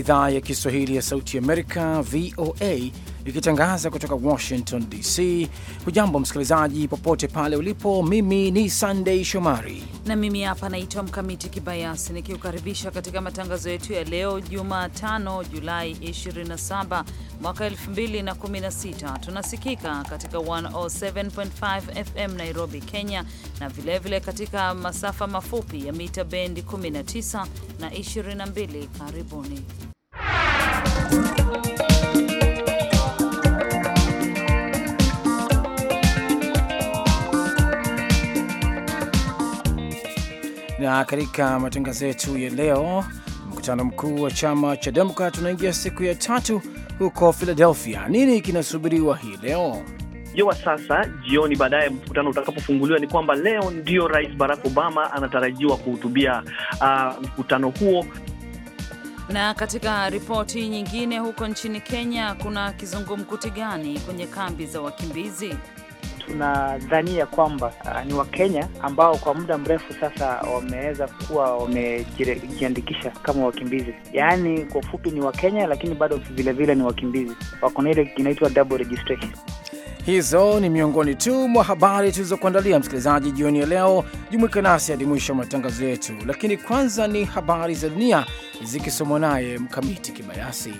idhaa ya Kiswahili ya Sauti Amerika, VOA ikitangaza kutoka Washington DC. Hujambo msikilizaji, popote pale ulipo. Mimi ni Sunday Shomari na mimi hapa naitwa Mkamiti Kibayasi nikiukaribisha katika matangazo yetu ya leo Jumatano Julai 27 mwaka 2016. Tunasikika katika 107.5 FM Nairobi, Kenya na vilevile vile katika masafa mafupi ya mita bendi 19 na 22. Karibuni Na katika matangazo yetu ya leo, mkutano mkuu wa chama cha Demokrat unaingia siku ya tatu huko Philadelphia. Nini kinasubiriwa hii leo? Jua sasa jioni, baadaye mkutano utakapofunguliwa, ni kwamba leo ndio Rais Barack Obama anatarajiwa kuhutubia uh, mkutano huo. Na katika ripoti nyingine, huko nchini Kenya kuna kizungumkuti gani kwenye kambi za wakimbizi? tunadhania kwamba uh, ni Wakenya ambao kwa muda mrefu sasa wameweza kuwa wamejiandikisha kama wakimbizi, yaani kwa ufupi ni Wakenya, lakini bado vilevile vile ni wakimbizi, wako na ile inaitwa double registration. Hizo ni miongoni tu mwa habari tulizokuandalia msikilizaji jioni ya leo. Jumuika nasi hadi mwisho wa matangazo yetu, lakini kwanza ni habari za dunia zikisomwa naye Mkamiti Kibayasi.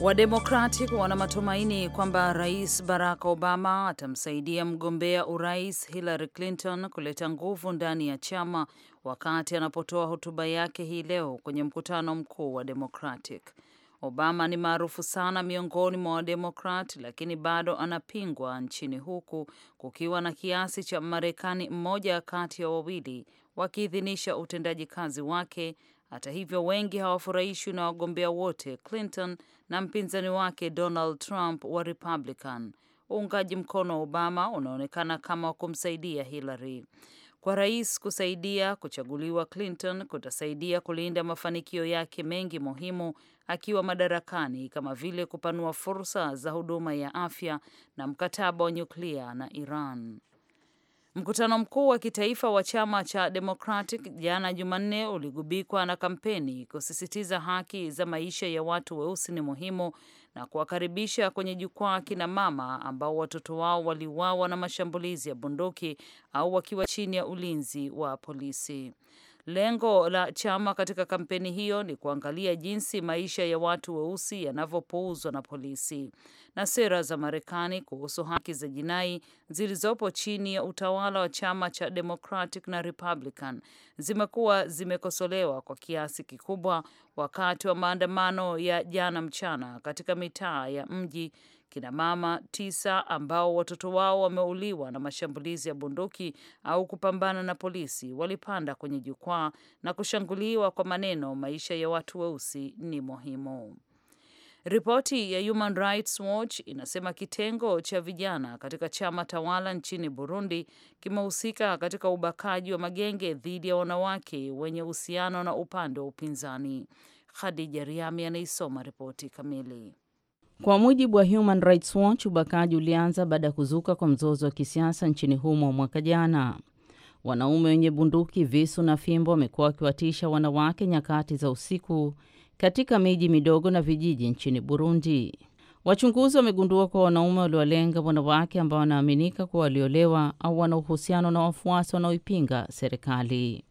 Wademokratic wana matumaini kwamba Rais Barack Obama atamsaidia mgombea urais Hillary Clinton kuleta nguvu ndani ya chama wakati anapotoa hotuba yake hii leo kwenye mkutano mkuu wa Democratic. Obama ni maarufu sana miongoni mwa Wademokrat, lakini bado anapingwa nchini huku kukiwa na kiasi cha Marekani mmoja kati ya wawili wakiidhinisha utendaji kazi wake. Hata hivyo, wengi hawafurahishwi na wagombea wote, Clinton na mpinzani wake Donald Trump wa Republican. Uungaji mkono wa Obama unaonekana kama wa kumsaidia Hillary. Kwa rais kusaidia kuchaguliwa Clinton kutasaidia kulinda mafanikio yake mengi muhimu akiwa madarakani kama vile kupanua fursa za huduma ya afya na mkataba wa nyuklia na Iran. Mkutano mkuu wa kitaifa wa chama cha Democratic jana Jumanne uligubikwa na kampeni kusisitiza haki za maisha ya watu weusi ni muhimu na kuwakaribisha kwenye jukwaa kina mama ambao watoto wao waliuawa na mashambulizi ya bunduki au wakiwa chini ya ulinzi wa polisi. Lengo la chama katika kampeni hiyo ni kuangalia jinsi maisha ya watu weusi yanavyopuuzwa na polisi na sera za Marekani kuhusu haki za jinai zilizopo chini ya utawala wa chama cha Democratic na Republican zimekuwa zimekosolewa kwa kiasi kikubwa wakati wa maandamano ya jana mchana katika mitaa ya mji kina mama tisa ambao watoto wao wameuliwa na mashambulizi ya bunduki au kupambana na polisi walipanda kwenye jukwaa na kushanguliwa kwa maneno, maisha ya watu weusi ni muhimu. Ripoti ya Human Rights Watch inasema kitengo cha vijana katika chama tawala nchini Burundi kimehusika katika ubakaji wa magenge dhidi ya wanawake wenye uhusiano na upande wa upinzani. Khadija Riami anaisoma ripoti kamili. Kwa mujibu wa Human Rights Watch, ubakaji ulianza baada ya kuzuka kwa mzozo wa kisiasa nchini humo mwaka jana. Wanaume wenye bunduki, visu na fimbo wamekuwa wakiwatisha wanawake nyakati za usiku katika miji midogo na vijiji nchini Burundi. Wachunguzi wamegundua kuwa wanaume waliowalenga wanawake ambao wanaaminika kuwa waliolewa au wana uhusiano na wafuasi wanaoipinga serikali.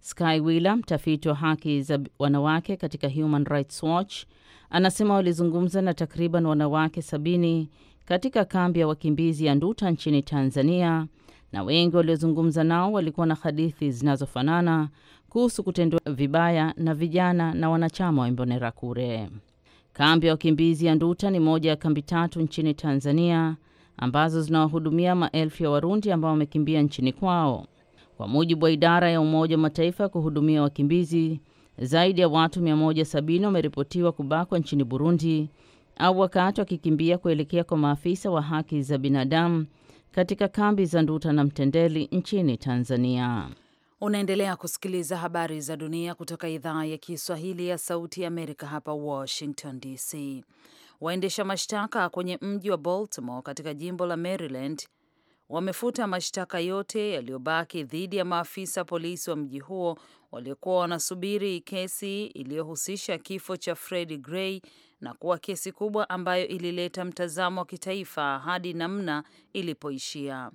Sky Wheeler, mtafiti wa haki za wanawake katika Human Rights Watch, Anasema walizungumza na takriban wanawake sabini katika kambi ya wakimbizi ya Nduta nchini Tanzania, na wengi waliozungumza nao walikuwa na hadithi zinazofanana kuhusu kutendwa vibaya na vijana na wanachama wa Imbonerakure. Kambi ya wakimbizi ya Nduta ni moja ya kambi tatu nchini Tanzania ambazo zinawahudumia maelfu ya Warundi ambao wamekimbia nchini kwao. Kwa mujibu wa idara ya Umoja wa Mataifa ya kuhudumia wakimbizi, zaidi ya watu 170 wameripotiwa kubakwa nchini Burundi au wakati wakikimbia kuelekea kwa maafisa wa haki za binadamu katika kambi za Nduta na Mtendeli nchini Tanzania. Unaendelea kusikiliza habari za dunia kutoka idhaa ya Kiswahili ya Sauti ya Amerika hapa Washington DC. Waendesha mashtaka kwenye mji wa Baltimore katika jimbo la Maryland wamefuta mashtaka yote yaliyobaki dhidi ya maafisa polisi wa mji huo waliokuwa wanasubiri kesi iliyohusisha kifo cha Freddie Gray na kuwa kesi kubwa ambayo ilileta mtazamo wa kitaifa hadi namna ilipoishia.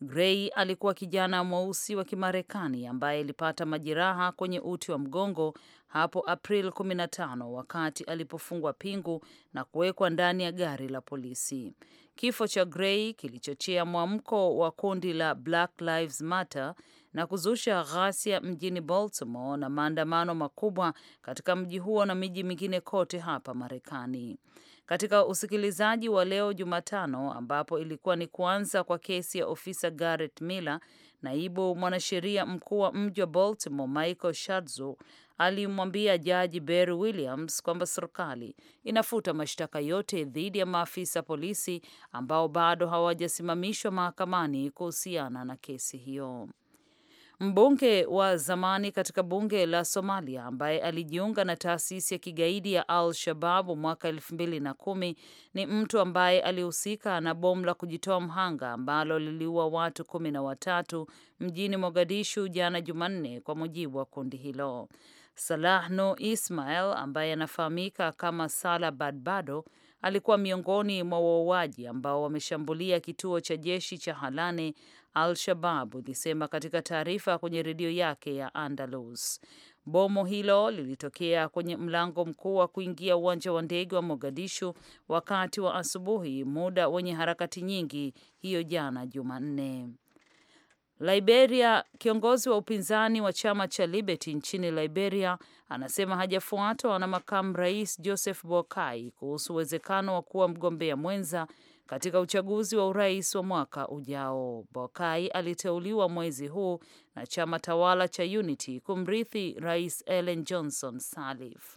Gray alikuwa kijana mweusi wa Kimarekani ambaye alipata majeraha kwenye uti wa mgongo hapo April 15 wakati alipofungwa pingu na kuwekwa ndani ya gari la polisi. Kifo cha Gray kilichochea mwamko wa kundi la Black Lives Matter na kuzusha ghasia mjini Baltimore na maandamano makubwa katika mji huo na miji mingine kote hapa Marekani katika usikilizaji wa leo Jumatano, ambapo ilikuwa ni kuanza kwa kesi ya ofisa Garrett Miller. Naibu mwanasheria mkuu wa mji wa Baltimore Michael Shadzo alimwambia jaji Barry Williams kwamba serikali inafuta mashtaka yote dhidi ya maafisa polisi ambao bado hawajasimamishwa mahakamani kuhusiana na kesi hiyo. Mbunge wa zamani katika bunge la Somalia ambaye alijiunga na taasisi ya kigaidi ya Al Shababu mwaka elfu mbili na kumi ni mtu ambaye alihusika na bomu la kujitoa mhanga ambalo liliua watu kumi na watatu mjini Mogadishu jana Jumanne, kwa mujibu wa kundi hilo. Salah No Ismail ambaye anafahamika kama Sala Badbado alikuwa miongoni mwa wauaji ambao wameshambulia kituo cha jeshi cha Halane Al-Shabab ilisema katika taarifa kwenye redio yake ya Andalus. Bomo hilo lilitokea kwenye mlango mkuu wa kuingia uwanja wa ndege wa Mogadishu wakati wa asubuhi, muda wenye harakati nyingi, hiyo jana Jumanne. Liberia. Kiongozi wa upinzani wa chama cha Liberty nchini Liberia anasema hajafuatwa na makamu rais Joseph Boakai kuhusu uwezekano wa kuwa mgombea mwenza katika uchaguzi wa urais wa mwaka ujao. Boakai aliteuliwa mwezi huu na chama tawala cha Unity kumrithi Rais Ellen Johnson Sirleaf.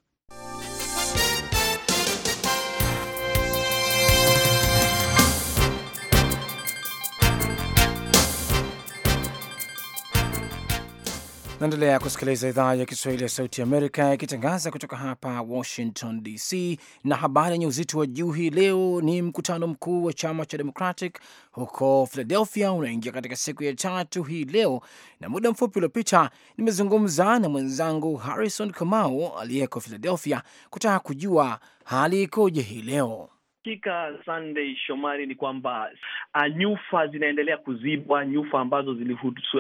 Naendelea kusikiliza idhaa ya Kiswahili ya Sauti Amerika ikitangaza kutoka hapa Washington DC. Na habari yenye uzito wa juu hii leo ni mkutano mkuu wa chama cha Democratic huko Philadelphia unaingia katika siku ya tatu hii leo, na muda mfupi uliopita nimezungumza na mwenzangu Harrison Kamau aliyeko Philadelphia kutaka kujua hali ikoje hii leo. Hakika Sunday Shomari, ni kwamba ah, nyufa zinaendelea kuzibwa, nyufa ambazo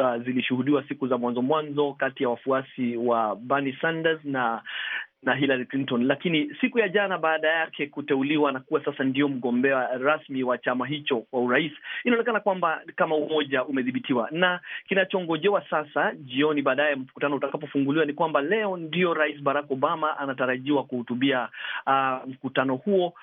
ah, zilishuhudiwa siku za mwanzo mwanzo kati ya wafuasi wa Bernie Sanders na na Hillary Clinton, lakini siku ya jana baada yake kuteuliwa na kuwa sasa ndio mgombea rasmi wa chama hicho wa urais, inaonekana kwamba kama umoja umedhibitiwa, na kinachongojewa sasa jioni baadaye mkutano utakapofunguliwa ni kwamba leo ndio Rais Barack Obama anatarajiwa kuhutubia uh, mkutano huo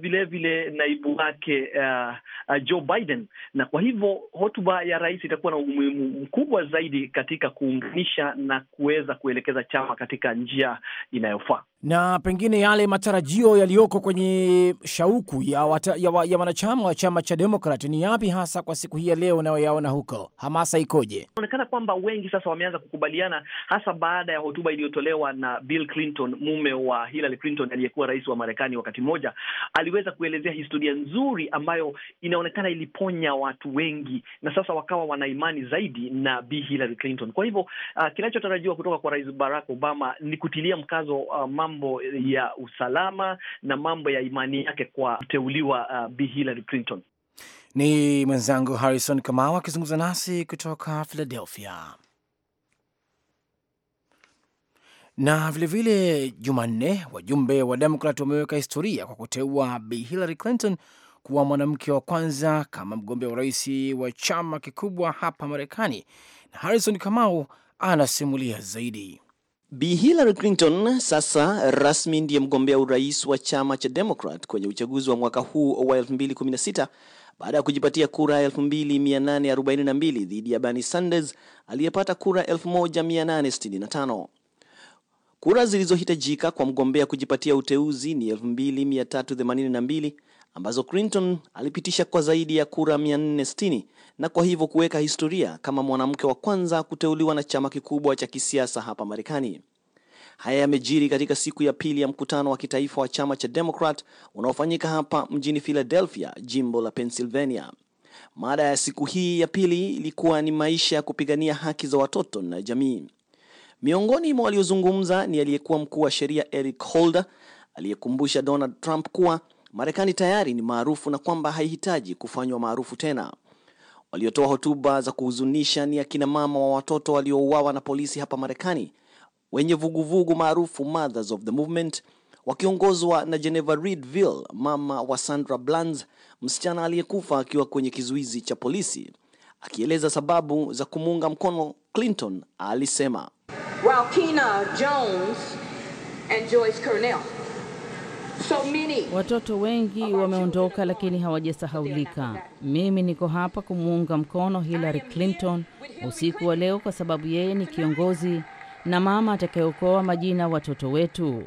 vilevile, uh, vile naibu wake uh, uh, Joe Biden, na kwa hivyo hotuba ya rais itakuwa na umuhimu mkubwa zaidi katika kuunganisha na kuweza kuelekeza chama katika njia inayo No fun. na pengine yale matarajio yaliyoko kwenye shauku ya, wata, ya, wa, ya wanachama wa chama cha Demokrat ni yapi hasa kwa siku hii ya leo unayoyaona huko? Hamasa ikoje? Inaonekana kwamba wengi sasa wameanza kukubaliana, hasa baada ya hotuba iliyotolewa na Bill Clinton, mume wa Hillary Clinton aliyekuwa rais wa Marekani wakati mmoja. Aliweza kuelezea historia nzuri ambayo inaonekana iliponya watu wengi, na sasa wakawa wana imani zaidi na Bi Hillary Clinton. Kwa hivyo uh, kinachotarajiwa kutoka kwa Rais Barack Obama ni kutilia mkazo uh, mambo ya usalama na mambo ya imani yake kwa kuteuliwa uh, Bi Hillary Clinton. Ni mwenzangu Harrison Kamau akizungumza nasi kutoka Philadelphia. Na vilevile Jumanne, wajumbe wa Demokrat wameweka historia kwa kuteua Bi Hillary Clinton kuwa mwanamke wa kwanza kama mgombea wa urais wa chama kikubwa hapa Marekani, na Harrison Kamau anasimulia zaidi. Bi Hillary Clinton sasa rasmi ndiye mgombea urais wa chama cha Democrat kwenye uchaguzi wa mwaka huu wa 2016 baada ya kujipatia kura 2842 dhidi ya Bernie Sanders aliyepata kura 1865. Kura zilizohitajika kwa mgombea kujipatia uteuzi ni 2382 ambazo Clinton alipitisha kwa zaidi ya kura 460 na kwa hivyo kuweka historia kama mwanamke wa kwanza kuteuliwa na chama kikubwa cha kisiasa hapa Marekani. Haya yamejiri katika siku ya pili ya mkutano wa kitaifa wa chama cha Democrat unaofanyika hapa mjini Philadelphia, jimbo la Pennsylvania. Mada ya siku hii ya pili ilikuwa ni maisha ya kupigania haki za watoto na jamii. Miongoni mwa waliozungumza ni aliyekuwa mkuu wa sheria Eric Holder aliyekumbusha Donald Trump kuwa Marekani tayari ni maarufu na kwamba haihitaji kufanywa maarufu tena. Waliotoa hotuba za kuhuzunisha ni akina mama wa watoto waliouawa na polisi hapa Marekani wenye vuguvugu maarufu Mothers of the Movement wakiongozwa na Geneva Reedville, mama wa Sandra Bland, msichana aliyekufa akiwa kwenye kizuizi cha polisi. Akieleza sababu za kumuunga mkono Clinton alisema Ralkina Jones and Joyce Cornell So many. Watoto wengi wameondoka lakini hawajasahaulika. Mimi niko hapa kumuunga mkono Hillary Clinton usiku wa leo kwa sababu yeye ni kiongozi na mama atakayeokoa majina watoto wetu.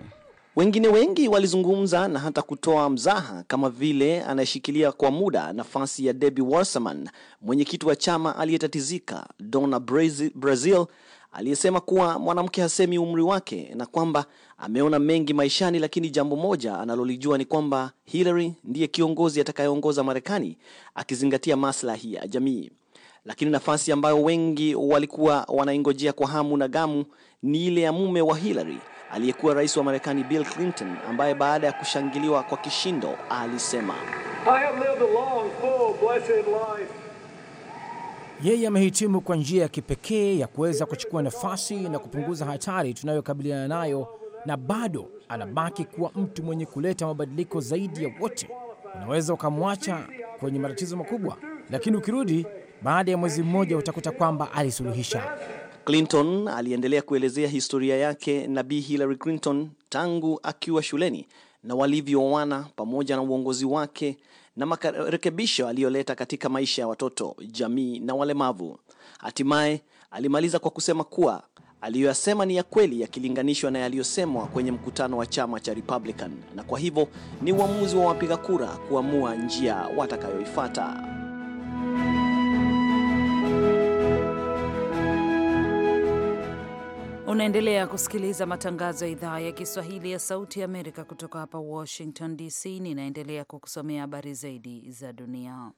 Wengine wengi walizungumza na hata kutoa mzaha kama vile anayeshikilia kwa muda nafasi ya Debbie Wasserman, mwenyekiti wa chama aliyetatizika Donna Brazil aliyesema kuwa mwanamke hasemi umri wake na kwamba ameona mengi maishani, lakini jambo moja analolijua ni kwamba Hillary ndiye kiongozi atakayeongoza Marekani akizingatia maslahi ya jamii. Lakini nafasi ambayo wengi walikuwa wanaingojea kwa hamu na gamu ni ile ya mume wa Hillary aliyekuwa rais wa Marekani Bill Clinton, ambaye baada ya kushangiliwa kwa kishindo alisema I have lived a long, full, blessed life. Yeye amehitimu kwa njia ya kipekee ya kuweza kuchukua nafasi na kupunguza hatari tunayokabiliana nayo, na bado anabaki kuwa mtu mwenye kuleta mabadiliko zaidi ya wote. Unaweza ukamwacha kwenye matatizo makubwa, lakini ukirudi baada ya mwezi mmoja utakuta kwamba alisuluhisha. Clinton aliendelea kuelezea historia yake na Bi Hillary Clinton tangu akiwa shuleni na walivyoana pamoja na uongozi wake na marekebisho aliyoleta katika maisha ya watoto, jamii na walemavu. Hatimaye alimaliza kwa kusema kuwa aliyoyasema ni ya kweli yakilinganishwa na yaliyosemwa kwenye mkutano wa chama cha Republican, na kwa hivyo ni uamuzi wa wapiga kura kuamua njia watakayoifuata. Unaendelea kusikiliza matangazo ya idhaa ya Kiswahili ya Sauti ya Amerika kutoka hapa Washington DC. Ninaendelea kukusomea habari zaidi za dunia.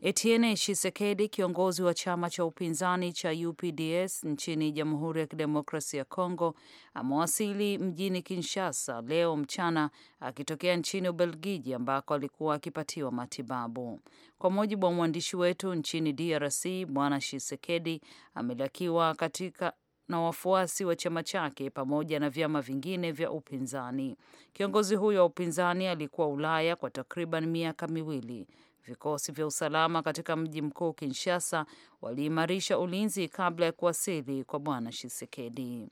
Etienne Tshisekedi, kiongozi wa chama cha upinzani cha UPDS nchini Jamhuri ya Kidemokrasia ya Kongo, amewasili mjini Kinshasa leo mchana akitokea nchini Ubelgiji ambako alikuwa akipatiwa matibabu. Kwa mujibu wa mwandishi wetu nchini DRC, Bwana Tshisekedi amelakiwa katika na wafuasi wa chama chake pamoja na vyama vingine vya upinzani. Kiongozi huyo wa upinzani alikuwa Ulaya kwa takriban miaka miwili. Vikosi vya usalama katika mji mkuu Kinshasa waliimarisha ulinzi kabla ya kuwasili kwa bwana Shisekedi.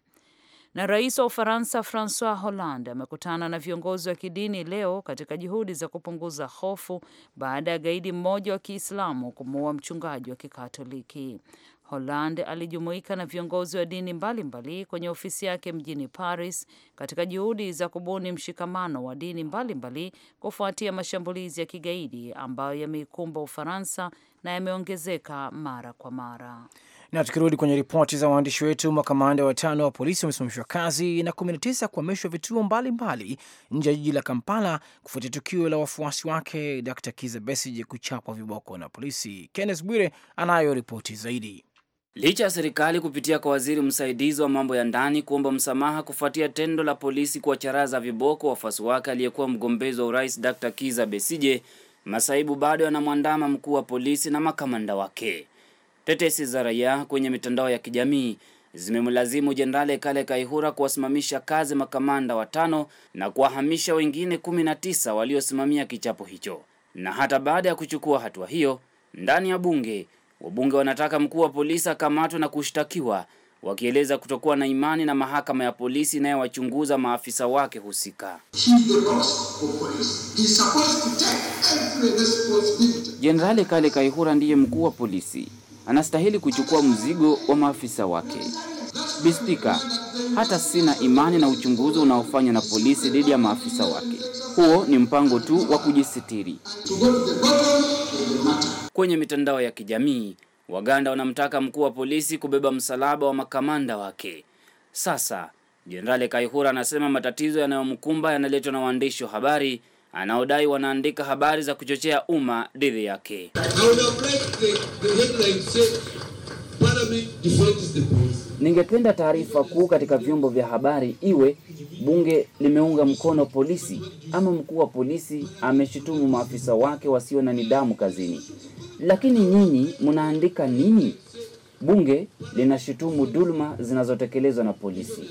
Na rais wa Ufaransa Francois Hollande amekutana na viongozi wa kidini leo katika juhudi za kupunguza hofu baada ya gaidi mmoja wa Kiislamu kumuua mchungaji wa Kikatoliki. Hollande alijumuika na viongozi wa dini mbalimbali mbali kwenye ofisi yake mjini Paris katika juhudi za kubuni mshikamano wa dini mbalimbali mbali kufuatia mashambulizi ya kigaidi ambayo yameikumba Ufaransa na yameongezeka mara kwa mara. Na tukirudi kwenye ripoti za waandishi wetu, makamanda watano wa polisi wamesimamishwa kazi na 19 kuhamishwa vituo mbalimbali nje ya jiji la Kampala kufuatia tukio la wafuasi wake Dr Kiza kuchapwa viboko na polisi. Kenneth Bwire anayo ripoti zaidi. Licha ya serikali kupitia kwa waziri msaidizi wa mambo ya ndani kuomba msamaha kufuatia tendo la polisi kuwacharaza viboko wafuasi wake aliyekuwa mgombezi wa urais Dr. Kiza Besije, masaibu bado yanamwandama mkuu wa polisi na makamanda wake. Tetesi za raia kwenye mitandao ya kijamii zimemlazimu Jenerali Kale Kaihura kuwasimamisha kazi makamanda watano na kuwahamisha wengine 19 waliosimamia kichapo hicho. Na hata baada ya kuchukua hatua hiyo ndani ya bunge Wabunge wanataka mkuu wa polisi akamatwe na kushtakiwa, wakieleza kutokuwa na imani na mahakama ya polisi inayowachunguza maafisa wake husika. Jenerali Kale Kaihura ndiye mkuu wa polisi, anastahili kuchukua mzigo wa maafisa wake. Bistika, hata sina imani na uchunguzi unaofanywa na polisi dhidi ya maafisa wake. Huo ni mpango tu wa kujisitiri. Kwenye mitandao ya kijamii, Waganda wanamtaka mkuu wa polisi kubeba msalaba wa makamanda wake. Sasa Jenerali Kaihura anasema matatizo yanayomkumba yanaletwa na waandishi wa habari anaodai wanaandika habari za kuchochea umma dhidi yake. Ningependa taarifa kuu katika vyombo vya habari iwe bunge limeunga mkono polisi ama mkuu wa polisi ameshutumu maafisa wake wasio na nidhamu kazini. Lakini nyinyi mnaandika nini? Bunge linashutumu dhuluma zinazotekelezwa na polisi.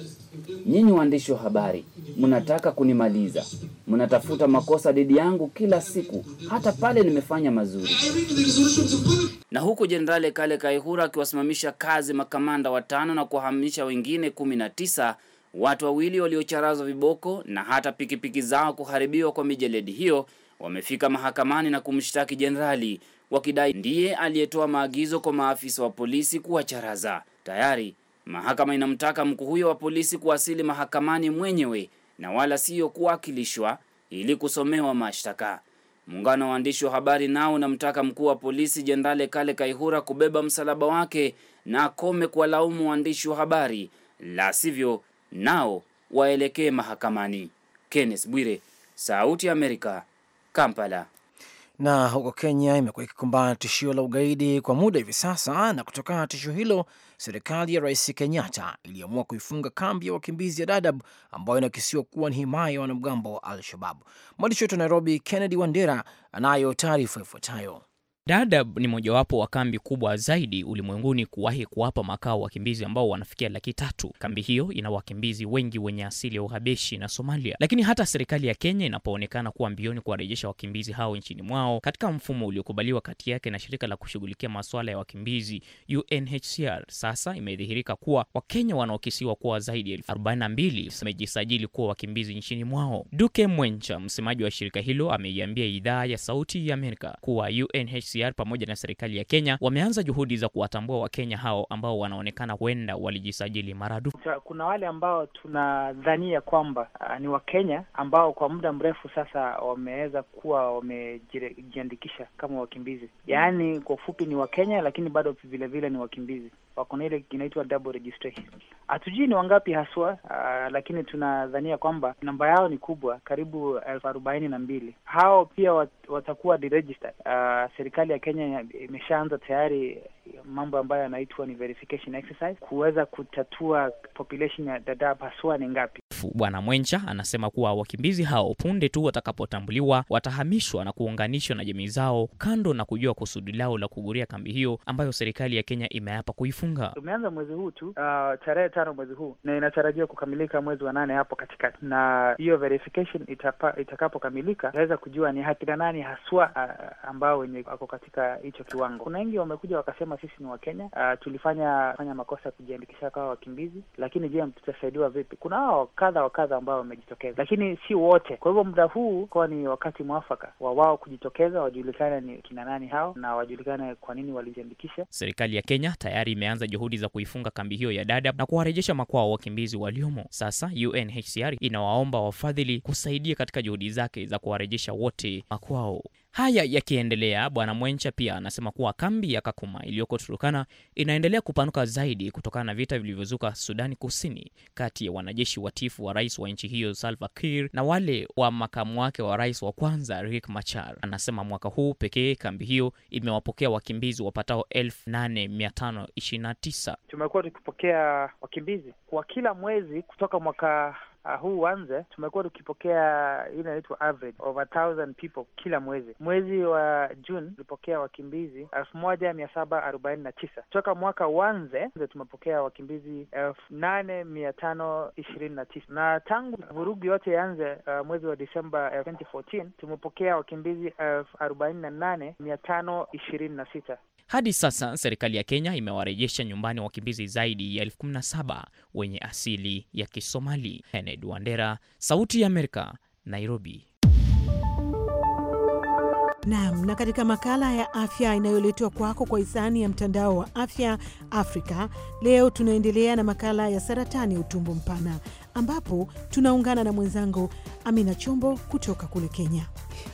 Nyinyi waandishi wa habari, mnataka kunimaliza, mnatafuta makosa dhidi yangu kila siku, hata pale nimefanya mazuri. Na huku Jenerali Kale Kaihura akiwasimamisha kazi makamanda watano na kuwahamisha wengine kumi na tisa, watu wawili waliocharazwa viboko na hata pikipiki zao kuharibiwa kwa mijeledi hiyo wamefika mahakamani na kumshtaki jenerali wakidai ndiye aliyetoa maagizo kwa maafisa wa polisi kuwacharaza. Tayari mahakama inamtaka mkuu huyo wa polisi kuwasili mahakamani mwenyewe na wala siyo kuwakilishwa ili kusomewa mashtaka. Muungano wa waandishi wa habari nao unamtaka mkuu wa polisi Jendale Kale Kaihura kubeba msalaba wake na akome kuwalaumu waandishi wa habari, la sivyo nao waelekee mahakamani. Kenneth Bwire, Sauti ya Amerika, Kampala. Na huko Kenya imekuwa ikikumbana na tishio la ugaidi kwa muda hivi sasa, na kutokana na tishio hilo, serikali ya Rais Kenyatta iliamua kuifunga kambi ya wakimbizi ya dadab ambayo inakisiwa kuwa ni himaya ya wanamgambo wa Al-Shabab. Mwandishi wetu wa Nairobi, Kennedy Wandera, anayo taarifa ifuatayo. Dadaab ni mojawapo wa kambi kubwa zaidi ulimwenguni kuwahi kuwapa makao wakimbizi ambao wanafikia laki tatu. Kambi hiyo ina wakimbizi wengi wenye asili ya Uhabeshi na Somalia, lakini hata serikali ya Kenya inapoonekana kuwa mbioni kuwarejesha wakimbizi hao nchini mwao katika mfumo uliokubaliwa kati yake na shirika la kushughulikia masuala ya wakimbizi UNHCR, sasa imedhihirika kuwa Wakenya wanaokisiwa kuwa zaidi ya elfu arobaini na mbili wamejisajili kuwa wakimbizi nchini mwao. Duke Mwencha, msemaji wa shirika hilo, ameiambia idhaa ya Sauti ya Amerika kuwa UNHCR UNHCR pamoja na serikali ya Kenya wameanza juhudi za kuwatambua Wakenya hao ambao wanaonekana huenda walijisajili maradufu. Kuna wale ambao tunadhania kwamba ah, ni Wakenya ambao kwa muda mrefu sasa wameweza kuwa wamejiandikisha kama wakimbizi, yaani kwa ufupi ni Wakenya lakini bado vilevile ni wakimbizi wako na ile inaitwa double registration. Hatujui ni wangapi haswa, uh, lakini tunadhania kwamba namba yao ni kubwa, karibu elfu arobaini na mbili. Hao pia watakuwa deregistered. Uh, serikali ya Kenya imeshaanza tayari mambo ambayo yanaitwa ni verification exercise kuweza kutatua population ya Dadaab haswa ni ngapi. Mrefu. Bwana Mwencha anasema kuwa wakimbizi hao punde tu watakapotambuliwa watahamishwa na kuunganishwa na jamii zao, kando na kujua kusudi lao la kuguria kambi hiyo ambayo serikali ya Kenya imeapa kuifunga. Tumeanza mwezi huu tu, uh, tarehe tano mwezi huu na inatarajiwa kukamilika mwezi wa nane hapo katikati, na hiyo verification itakapokamilika itaweza kujua ni hakina nani haswa uh, ambao wenye wako katika hicho kiwango. Kuna wengi wamekuja wakasema sisi ni Wakenya, uh, tulifanya fanya makosa ya kujiandikisha kawa wakimbizi, lakini je, tutasaidiwa vipi? Kuna hao kadha wa kadha ambao wamejitokeza, lakini si wote. Kwa hivyo muda huu kuwa ni wakati mwafaka wa wao kujitokeza, wajulikane ni kina nani hao na wajulikane kwa nini walijiandikisha. Serikali ya Kenya tayari imeanza juhudi za kuifunga kambi hiyo ya Dadaab na kuwarejesha makwao wakimbizi waliomo. Sasa UNHCR inawaomba wafadhili kusaidia katika juhudi zake za kuwarejesha wote makwao. Haya yakiendelea, Bwana Mwencha pia anasema kuwa kambi ya Kakuma iliyoko Turukana inaendelea kupanuka zaidi kutokana na vita vilivyozuka Sudani Kusini kati ya wanajeshi watifu wa rais wa nchi hiyo Salva Kiir na wale wa makamu wake wa rais wa kwanza Riek Machar. Anasema mwaka huu pekee kambi hiyo imewapokea wakimbizi wapatao 8529. Tumekuwa tukipokea wakimbizi kwa kila mwezi kutoka mwaka uh, huu uanze, tumekuwa tukipokea ile inaitwa average thousand people kila mwezi. Mwezi wa June tulipokea wakimbizi elfu moja mia saba arobaini na tisa toka mwaka uanze tumepokea wakimbizi elfu nane mia tano ishirini na tisa na tangu vurugu yote ianze uh, mwezi wa Disemba 2014 uh, tumepokea wakimbizi elfu arobaini na nane mia tano ishirini na sita. Hadi sasa serikali ya Kenya imewarejesha nyumbani wakimbizi zaidi ya elfu kumi na saba wenye asili ya Kisomali. Kennedy Wandera, Sauti ya Amerika, Nairobi. Naam, na katika makala ya afya inayoletwa kwako kwa hisani ya mtandao wa afya Afrika, leo tunaendelea na makala ya saratani ya utumbo mpana ambapo tunaungana na mwenzangu Amina Chombo kutoka kule Kenya.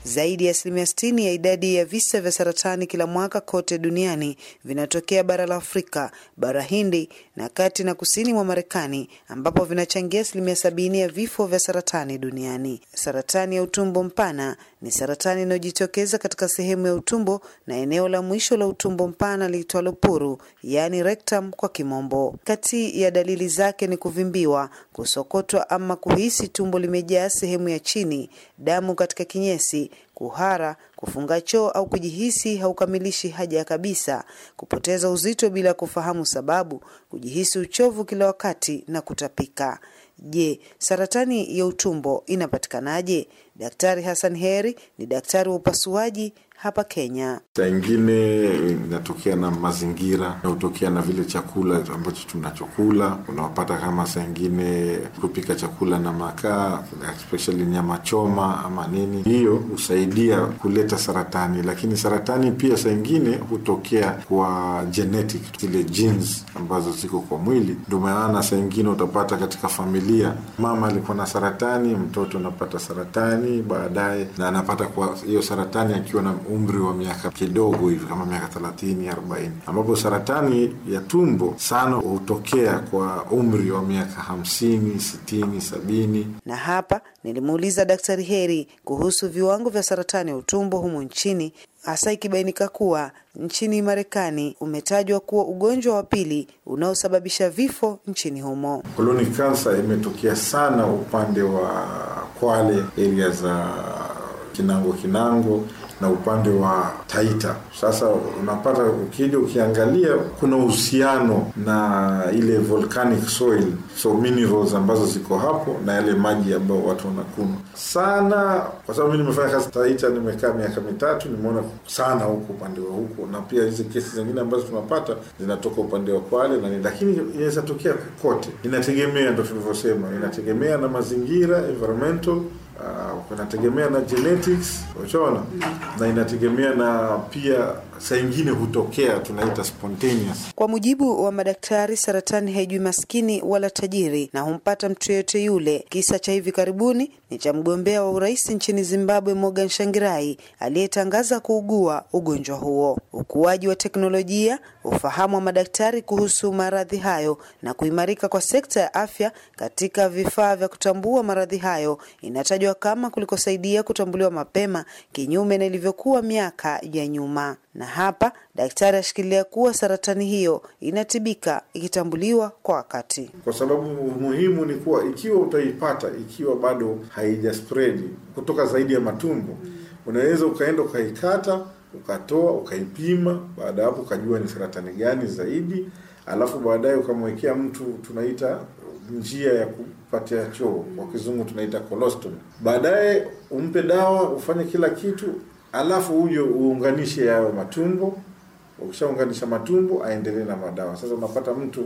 Zaidi ya asilimia 60 ya idadi ya visa vya saratani kila mwaka kote duniani vinatokea bara la Afrika, bara Hindi na kati na kusini mwa Marekani, ambapo vinachangia asilimia 70 ya vifo vya saratani duniani. Saratani ya utumbo mpana ni saratani inayojitokeza katika sehemu ya utumbo na eneo la mwisho la utumbo mpana liitwalo puru, yaani rectum kwa kimombo. Kati ya dalili zake ni kuvimbiwa, kuso kukokotwa ama kuhisi tumbo limejaa sehemu ya chini, damu katika kinyesi, kuhara, kufunga choo au kujihisi haukamilishi haja kabisa, kupoteza uzito bila kufahamu sababu, kujihisi uchovu kila wakati na kutapika. Je, saratani ya utumbo inapatikanaje? Daktari Hassan Heri ni daktari wa upasuaji hapa Kenya. Saa ingine eh, inatokea na mazingira, inatokea na vile chakula ambacho tunachokula. Unawapata kama saa ingine kupika chakula na makaa, especially nyama choma ama nini, hiyo husaidia kuleta saratani. Lakini saratani pia saa ingine hutokea kwa genetic, zile genes ambazo ziko kwa mwili. Ndio maana saa ingine utapata katika familia, mama alikuwa na saratani, mtoto anapata saratani baadaye, na anapata kwa hiyo saratani akiwa na umri wa miaka kidogo hivi kama miaka 30 40 ambapo saratani ya tumbo sana hutokea kwa umri wa miaka 50 60 70 Na hapa nilimuuliza Daktari Heri kuhusu viwango vya saratani ya utumbo humu nchini hasa ikibainika kuwa nchini Marekani umetajwa kuwa ugonjwa wa pili unaosababisha vifo nchini humo. koloni kansa imetokea sana upande wa Kwale, eria za Kinango Kinango na upande wa Taita. Sasa unapata ukija ukiangalia, kuna uhusiano na ile volcanic soil, so minerals ambazo ziko hapo na yale maji ambayo watu wanakunywa sana, kwa sababu mi nimefanya kazi Taita, nimekaa miaka mitatu, nimeona sana huko upande wa huko, na pia hizi kesi zingine ambazo tunapata zinatoka upande wa Kwale na nini, lakini inaweza tokea kokote, inategemea, ndo tulivyosema, inategemea na mazingira environmental uh, ah, kunategemea na genetics uchaona, mm. na inategemea na pia saa ingine hutokea, tunaita spontaneous. Kwa mujibu wa madaktari, saratani haijui maskini wala tajiri na humpata mtu yeyote yule. Kisa cha hivi karibuni ni cha mgombea wa urais nchini Zimbabwe Morgan Shangirai aliyetangaza kuugua ugonjwa huo. Ukuaji wa teknolojia, ufahamu wa madaktari kuhusu maradhi hayo na kuimarika kwa sekta ya afya katika vifaa vya kutambua maradhi hayo inatajwa kama kulikosaidia kutambuliwa mapema, kinyume na ilivyokuwa miaka ya nyuma na hapa daktari ashikilia kuwa saratani hiyo inatibika ikitambuliwa kwa wakati, kwa sababu muhimu ni kuwa ikiwa utaipata, ikiwa bado haija spredi kutoka zaidi ya matumbo, unaweza ukaenda ukaikata, ukatoa, ukaipima, baada ya hapo ukajua ni saratani gani zaidi, alafu baadaye ukamwekea mtu tunaita njia ya kupatia choo, kwa kizungu tunaita colostomy. Baadaye umpe dawa, ufanye kila kitu alafu huyo uunganishe hayo matumbo. Ukishaunganisha matumbo, aendelee na madawa. Sasa unapata mtu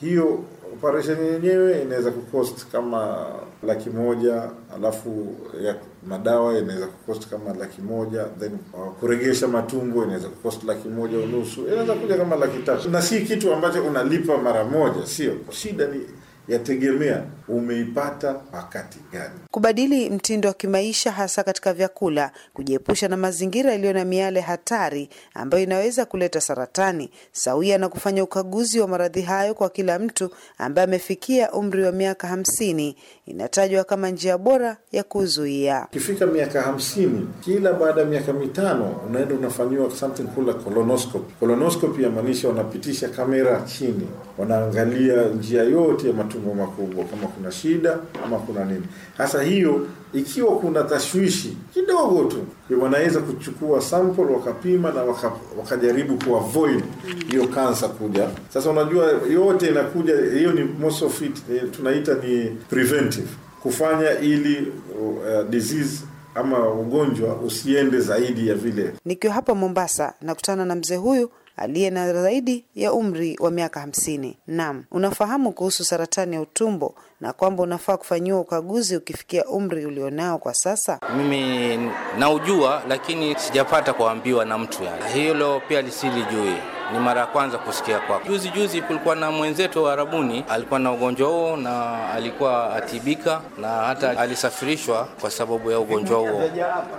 hiyo operation yenyewe inaweza kukost kama laki moja alafu ya madawa inaweza kucost kama laki moja then uh, kuregesha matumbo inaweza kukost laki moja unusu inaweza kuja kama laki tatu, na si kitu ambacho unalipa mara moja. Sio shida, ni yategemea umeipata wakati gani? Kubadili mtindo wa kimaisha, hasa katika vyakula, kujiepusha na mazingira yaliyo na miale hatari ambayo inaweza kuleta saratani, sawia na kufanya ukaguzi wa maradhi hayo kwa kila mtu ambaye amefikia umri wa miaka hamsini, inatajwa kama njia bora ya kuzuia. Ukifika miaka hamsini, kila baada ya miaka mitano unaenda unafanyiwa something kula colonoscopy. Colonoscopy yamaanisha wanapitisha kamera chini, wanaangalia njia yote ya matumbo makubwa kama kuna shida ama kuna nini. hasa hiyo ikiwa kuna tashwishi kidogo tu, wanaweza kuchukua sample wakapima na waka, wakajaribu kuavoid hiyo kansa kuja. Sasa unajua yote inakuja hiyo, ni most of it eh, tunaita ni preventive, kufanya ili uh, disease ama ugonjwa usiende zaidi ya vile. Nikiwa hapa Mombasa nakutana na mzee huyu aliye na zaidi ya umri wa miaka hamsini. Naam, unafahamu kuhusu saratani ya utumbo na kwamba unafaa kufanyiwa ukaguzi ukifikia umri ulionao kwa sasa? Mimi naujua, lakini sijapata kuambiwa na mtu yani. Hilo pia lisilijui ni mara ya kwanza kusikia kwako. Juzi juzi kulikuwa na mwenzetu wa Arabuni, alikuwa na ugonjwa huo na alikuwa atibika, na hata alisafirishwa kwa sababu ya ugonjwa huo,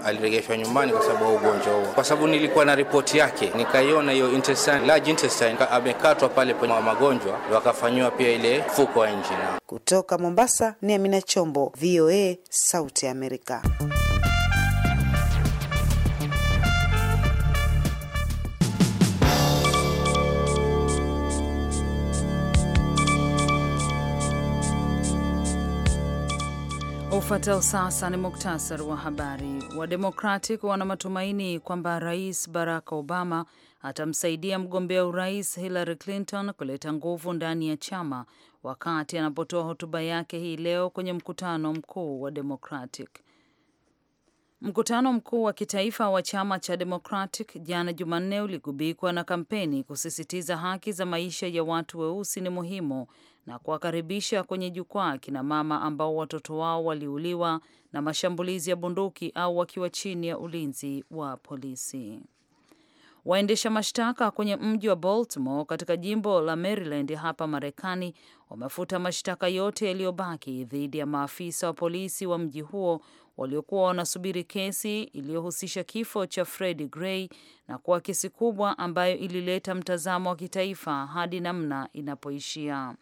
alirejeshwa nyumbani kwa sababu ya ugonjwa huo, kwa sababu nilikuwa na ripoti yake, nikaiona hiyo intestine, large intestine amekatwa pale penye magonjwa, wakafanyiwa pia ile fuko ya injina. Kutoka Mombasa ni Amina Chombo, VOA, Sauti ya Amerika. Ufuatao sasa ni muktasari wa habari. Wademokratic wana matumaini kwamba Rais Barack Obama atamsaidia mgombea urais Hillary Clinton kuleta nguvu ndani ya chama wakati anapotoa hotuba yake hii leo kwenye mkutano mkuu wa Democratic. Mkutano mkuu wa kitaifa wa chama cha Democratic jana Jumanne uligubikwa na kampeni kusisitiza haki za maisha ya watu weusi ni muhimu na kuwakaribisha kwenye jukwaa kina mama ambao watoto wao waliuliwa na mashambulizi ya bunduki au wakiwa chini ya ulinzi wa polisi. Waendesha mashtaka kwenye mji wa Baltimore katika jimbo la Maryland hapa Marekani wamefuta mashtaka yote yaliyobaki dhidi ya maafisa wa polisi wa mji huo waliokuwa wanasubiri kesi iliyohusisha kifo cha Freddie Gray na kuwa kesi kubwa ambayo ilileta mtazamo wa kitaifa hadi namna inapoishia.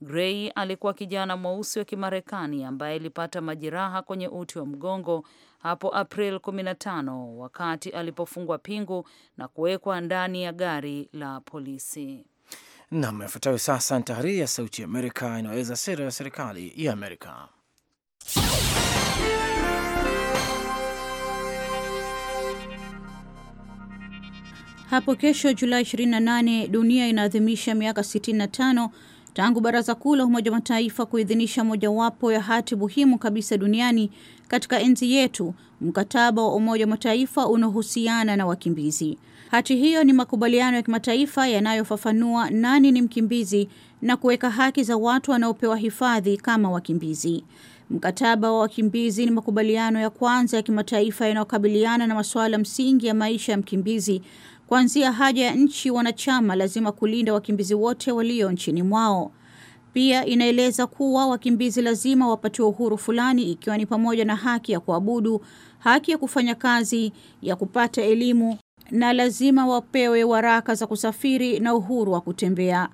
Gray alikuwa kijana mweusi wa Kimarekani ambaye alipata majeraha kwenye uti wa mgongo hapo April 15 wakati alipofungwa pingu na kuwekwa ndani ya gari la polisi. Nam afuatayo sasa ni tahariri ya Sauti ya Amerika inaweza sera ya serikali ya Amerika. Hapo kesho Julai 28 dunia inaadhimisha miaka 65 tangu Baraza Kuu la Umoja wa Mataifa kuidhinisha mojawapo ya hati muhimu kabisa duniani katika enzi yetu, mkataba wa Umoja wa Mataifa unaohusiana na wakimbizi. Hati hiyo ni makubaliano ya kimataifa yanayofafanua nani ni mkimbizi na kuweka haki za watu wanaopewa hifadhi kama wakimbizi. Mkataba wa wakimbizi ni makubaliano ya kwanza ya kimataifa yanayokabiliana na masuala msingi ya maisha ya mkimbizi kuanzia haja ya nchi wanachama lazima kulinda wakimbizi wote walio nchini mwao. Pia inaeleza kuwa wakimbizi lazima wapatiwe uhuru fulani, ikiwa ni pamoja na haki ya kuabudu, haki ya kufanya kazi, ya kupata elimu na lazima wapewe waraka za kusafiri na uhuru wa kutembea.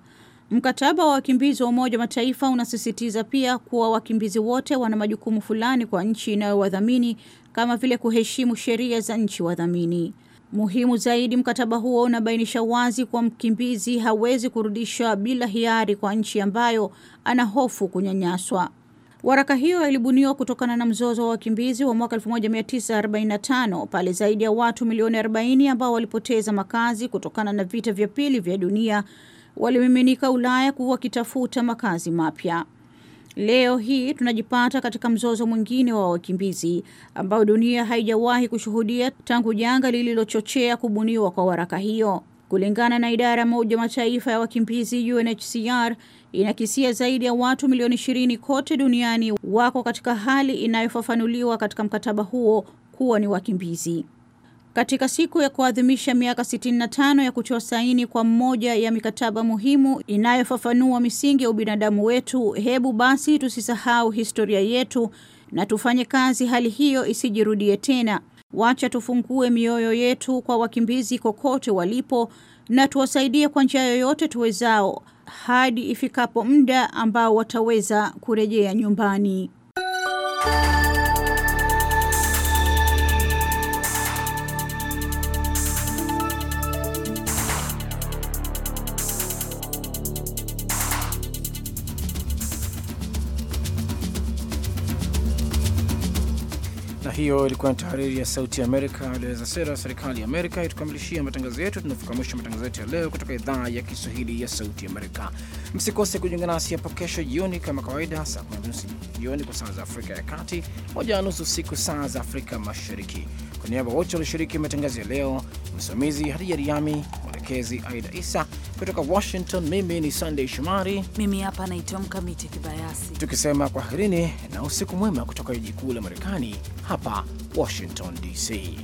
Mkataba wa wakimbizi wa Umoja wa Mataifa unasisitiza pia kuwa wakimbizi wote wana majukumu fulani kwa nchi inayowadhamini kama vile kuheshimu sheria za nchi wadhamini. Muhimu zaidi, mkataba huo unabainisha wazi kuwa mkimbizi hawezi kurudishwa bila hiari kwa nchi ambayo ana hofu kunyanyaswa. Waraka hiyo ilibuniwa kutokana na mzozo wa wakimbizi wa mwaka 1945 pale zaidi ya watu milioni 40 ambao walipoteza makazi kutokana na vita vya pili vya dunia walimiminika Ulaya kuwa wakitafuta makazi mapya. Leo hii tunajipata katika mzozo mwingine wa wakimbizi ambao dunia haijawahi kushuhudia tangu janga lililochochea kubuniwa kwa waraka hiyo. Kulingana na idara ya Umoja Mataifa ya wakimbizi UNHCR, inakisia zaidi ya watu milioni ishirini kote duniani wako katika hali inayofafanuliwa katika mkataba huo kuwa ni wakimbizi. Katika siku ya kuadhimisha miaka 65 ya kutoa saini kwa mmoja ya mikataba muhimu inayofafanua misingi ya ubinadamu wetu, hebu basi tusisahau historia yetu na tufanye kazi hali hiyo isijirudie tena. Wacha tufungue mioyo yetu kwa wakimbizi kokote walipo na tuwasaidie kwa njia yoyote tuwezao hadi ifikapo muda ambao wataweza kurejea nyumbani. na hiyo ilikuwa ni tahariri ya Sauti ya Amerika aliweza sera ya serikali ya Amerika. Itukamilishia matangazo yetu, tunafika mwisho matangazo yetu ya leo kutoka idhaa ya Kiswahili ya Sauti ya Amerika. Msikose kujiunga nasi hapo kesho jioni kama kawaida, saa kumi na nusu jioni kwa saa za Afrika ya Kati, moja na nusu usiku saa za Afrika Mashariki. Kwa niaba wote walioshiriki matangazo ya leo, msimamizi Hadija Riami mwelekezi Aida Isa kutoka Washington. Mimi ni Sunday Shomari, mimi hapa naitwa Mkamiti Kibayasi, tukisema kwaherini na usiku mwema kutoka jiji kuu la Marekani, hapa Washington DC.